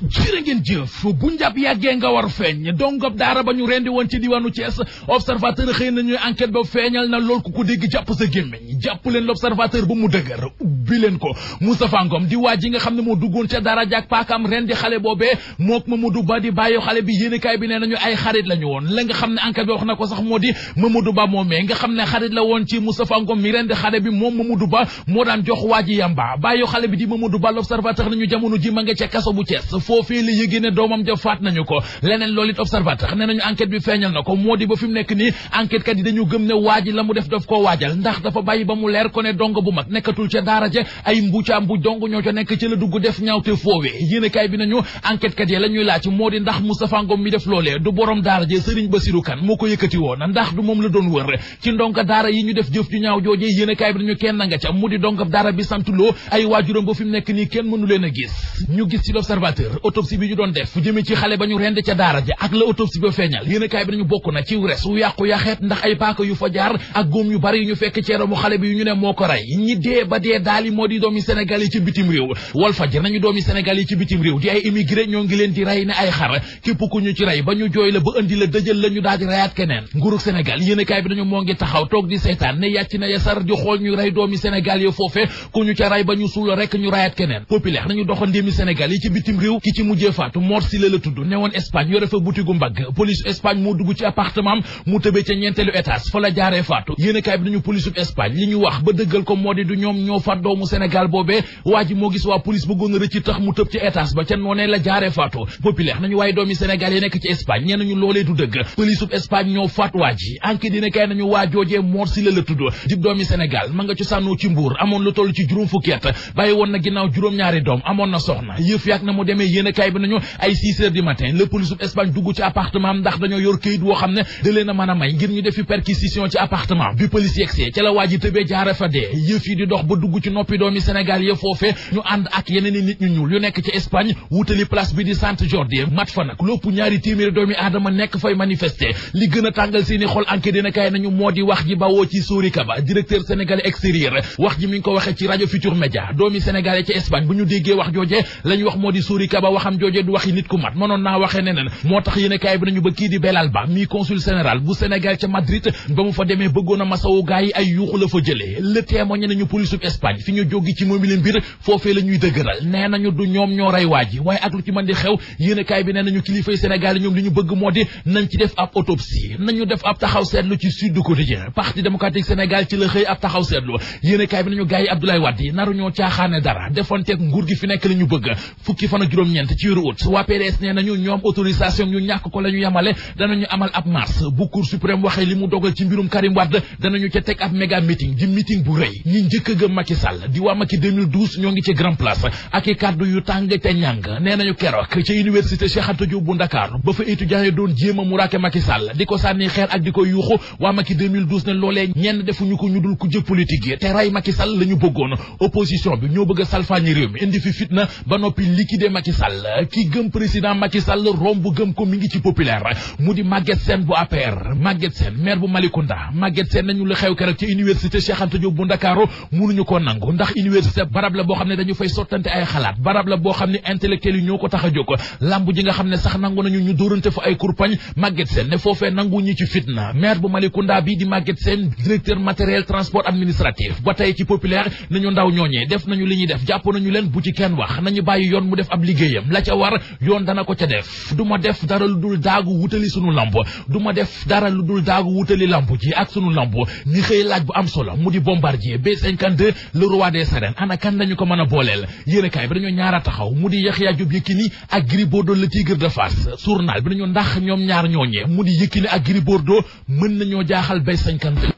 jërë ngeen jëf bu njab yàggee nga war feeñ don dongob daara ba ñu rendi woon ci diwaanu Thiès observateur xëy na nañuy enquête ba feeñal na lool ku ko dégg jàpp sa gémmiñ jàpp leen l'observateur ba mu dëgër ubbi leen ko Moustapha Ngom di waa nga xam ne moo duggoon ca dara paakam ren xale boobee mook Mamadou Ba di bàyyi xale bi yéenekaay bi nee nañu ay xarit la woon la nga xam ne enquête bi wax na ko moo di Ba moomee nga xam ne xarit di dañu gëm ne waa la mu def daf koo waajal ndax dafa bàyyi ba mu leer ko ne dong bu mag nekkatul ca daara ja ay mbuucaa mbuuj dong ñoo ca nekk ci la dugg def ñaawte foowee yéenekaay bi nañu enquête kat ya la ñuy moo di ndax Moustapha Ngom mi def loolee du borom daara je Serigne Bassirou Kane moo ko yëkkati woon ndax du moom la doon wër ci ndonka daara yi ñu def jëf ju ñaaw jooje yéenekaay bi nañu kenn nga ca mu di ndonka daara bi santuloo ay waajuram ba fi nekk nii kenn mënu leen a gis ñu gis ci l'observateur autopsie bi ñu doon def jëmee ci xale ba ñu yi moo di doomi Sénégal yi ci bitim réew wal nañu doomi Sénégal yi ci bitim réew di ay immigré ñoo ngi leen di rey ne ay xar képp ku ñu ci rey ba ñu jooy la ba indi la dëjal la daal di reyaat keneen nguurug Sénégal yi ci bitim réew ki ci mujjee faatu Mor Sile la tudd newoon Espagne yore fa boutique mbagg police Espagne moo dugg ci appartement mu tëbee ca ñeenteelu étage fa la jaaree faatu yéenekaay bi dañu police Espagne li ñu wax ba dëggal ko doomu Sénégal boobee waa ji moo gis waa police bëggoon a rëcc tax mu tëb ci étage ba ca noonee la jaaree faatu populaire nañu waaye doomi Sénégal yi nekk ci Espagne nee nañu loolee du dëgg police Espagne ñoo faat waa ji enquête dina kay nañu waa joojee Mor Sylla la tudd di doomi Sénégal ma nga ci ci mbuur amoon lu toll ci juróom fukki bàyyi woon na ginnaaw juróom-ñaari doom amoon na soxna yëf yàgg na mu demee yéen kaay bi nañu noppi doomi Sénégal ya foofe ñu ànd ak yeneen i nit ñu ñuul yu nekk ci Espagne wutali place bi di Sant Jordi mat fa nag lopp ñaari téeméeri doomi aadama nekk fay manifester li gën a tàngal seeni xol enquête dina kay nañu moo di wax ji bawoo ci Souri Kaba directeur sénégalais extérieur wax ji mi ngi ko waxee ci rajo Futur Média doomi sénégalais ci Espagne bu ñu déggee wax jooje la wax moo di Souri Kaba waxam jooje du waxi nit ku mat mënoon naa a masawu gaay yi ay yuuxu la ñu jógi ci moom i mbir foofee la ñuy nee nañu du ñoom ñoo rey waa ji waaye ak lu ci mën di xew yéenekaay bi nee nañu kilifay Sénégal yi ñoom li ñu bëgg moo di nañ ci def ab autopsie nañu def ab taxaw seetlu ci Sud Quotidien Parti démocratique Sénégal ci la xëy ab taxaw seetlu yéenekaay bi nañu gars yi Abdoulaye Wade yi naru ñoo caaxaane dara defonteeg nguur gi fi nekk la ñu bëgg fukki fan ak juróom-ñeent ci weeru août waa PDS nee nañu ñoom autorisation ko la ñu yamale danañu amal ab mars bu Cour suprême li mu ci mbirum Karim Wade a Sall di waa Macky 2012 ñoo i kàddu yu tàng bu Ndakaaru ba fa étudiants ñu dul ku jëpp politique bi ñoo bëgg a salfaañi réew mi indi fi fitna ba noppi liquider Macky Sall ki gëm président Macky Sall nañu la xew keroog ca université Cheikh Anta Diop bu Ndakaaru mënuñu ko nangu ko ndax université barab la boo xam ne dañu fay sottante ay xalaat barab la boo xam ne intellectuel yi ñoo ko tax a jóg lamb ji nga xam ne sax nangu nañu ñu dóorante fa ay kurpañ Maguette Sène ne foofee nangu ñi ci fitna maire bu Malicounda bi di Maguette Sène directeur matériel transport administratif ba tey ci populaire nañu ndaw ñooñee def nañu li ñuy def jàpp nañu leen bu ci kenn wax nañu bàyyi yoon mu def ab liggéeyam la ca war yoon dana ko ca def d ma def dara lu dul daagu sunu lamb du ma def dara lu dul daagu wutali lamb ji ak sunu lamb ni laaj bu am solo mu di bombardier b roi des arènes ana kan lañu ko mën a booleel yéenekaay bi dañoo ñaara taxaw mu di Yaxya Jóob Yékini ak Gris Bordeaux le tigre de Fass journal bi dañu ndax ñoom ñaar ñoo ñooñee mu di Yékini ak Gris Bordeaux mën nañoo jaaxal bay sañkante